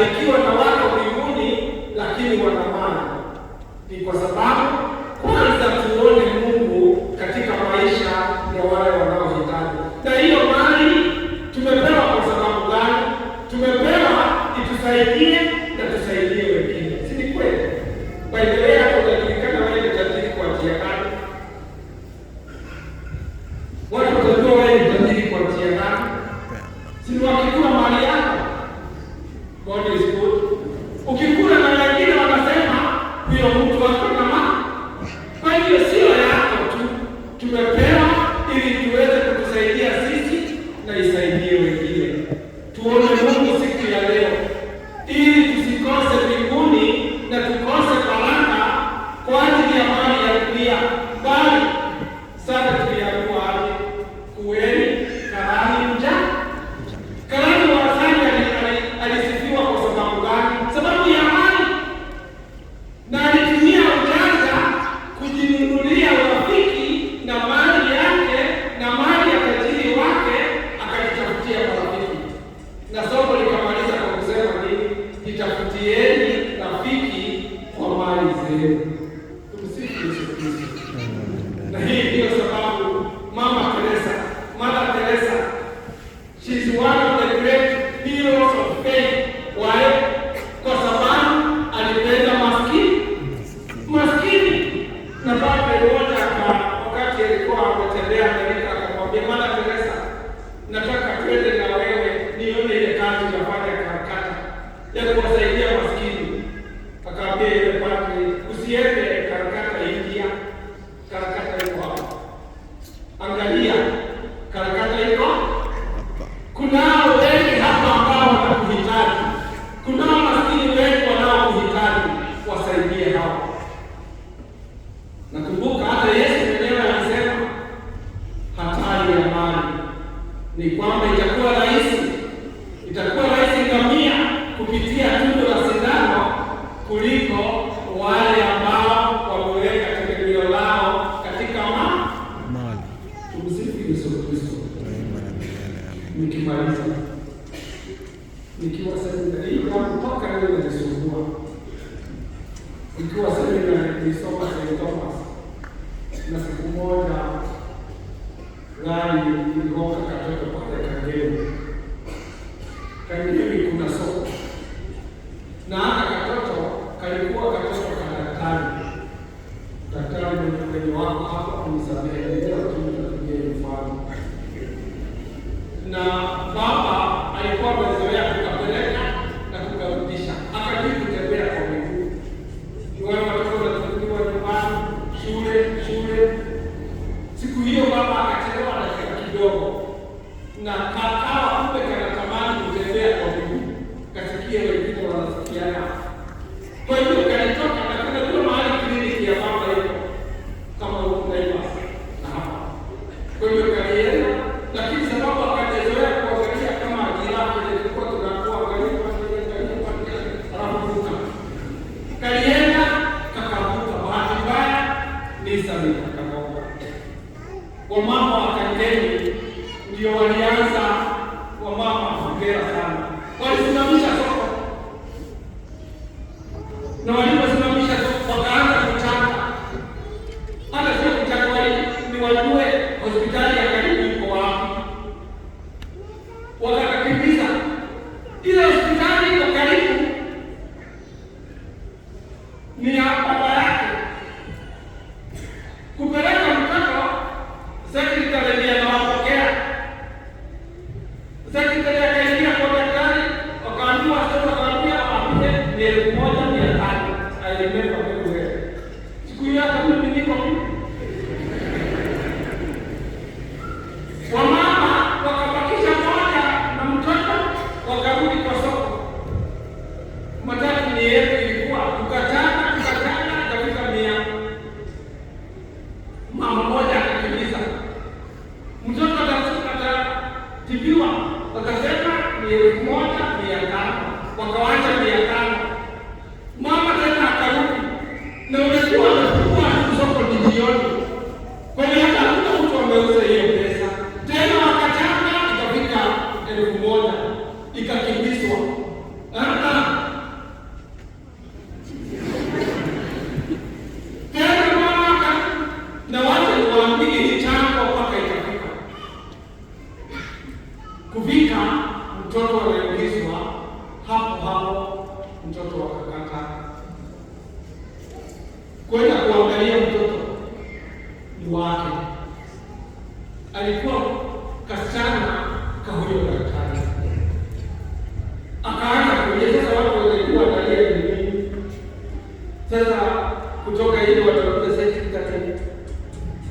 які itafutieni rafiki kwa mali zenu. ni kwamba itakuwa rahisi, itakuwa rahisi ngamia kupitia tundu la sindano kuliko wale ambao wameweka tegemeo lao katika mali. Tumsifu Yesu Kristo. Nikimaliza nikiwa sasa hii kutoka leo najisumbua, nikiwa semina nilisoma St. Thomas na siku moja gari iligonga katoto 哎，赶紧。walisimamisha soko na waliposimamisha soko wakaanza kuchanga, hata sio kuchanga, ni wajue hospitali ya karibu iko wapi. Wakakakimbiza ile hospitali iko karibu ni hapa Tibiwa wakasema ni elfu moja mia tano wakawacha mia tano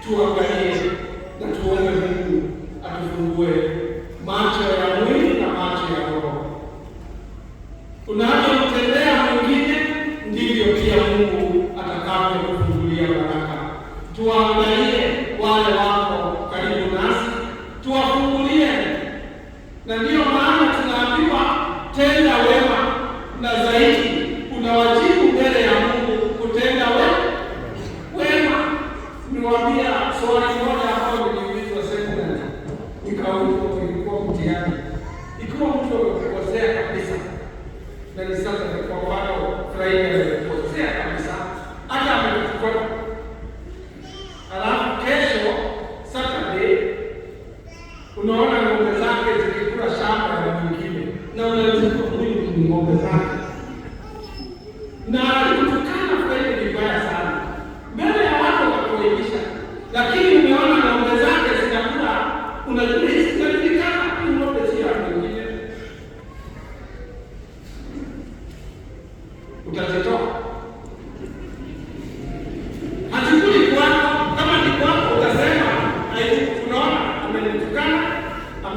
tuangalie na tuombe Mungu atufungue macho ya mwili na macho ya roho. Unavyomtendea mwingine ndivyo pia Mungu atakavyokufungulia baraka. Tuangalie wale wako karibu nasi, tuwafungulie, na ndiyo maana tunaambiwa tenda wema na zaidi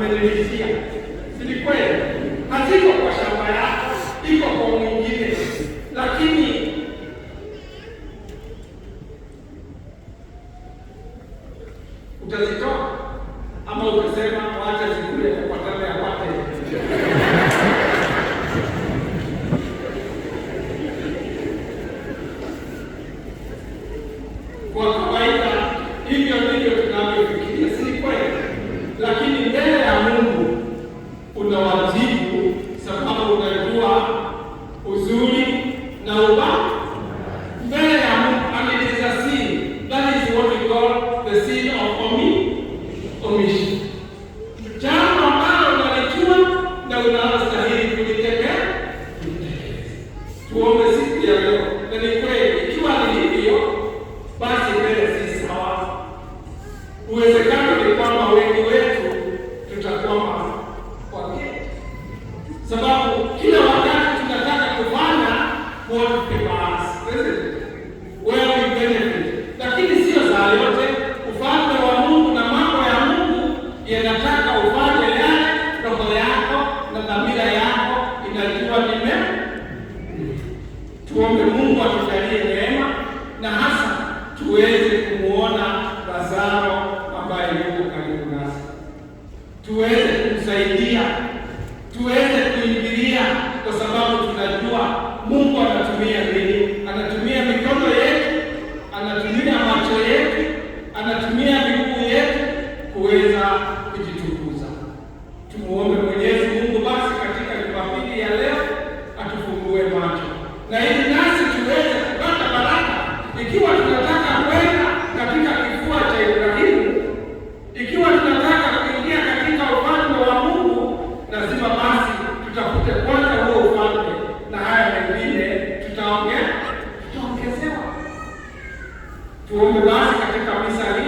Medellín. Zulu. tuweze kumsaidia, tuweze kuingilia, kwa sababu tunajua Mungu anatumia o lugar que a é camisa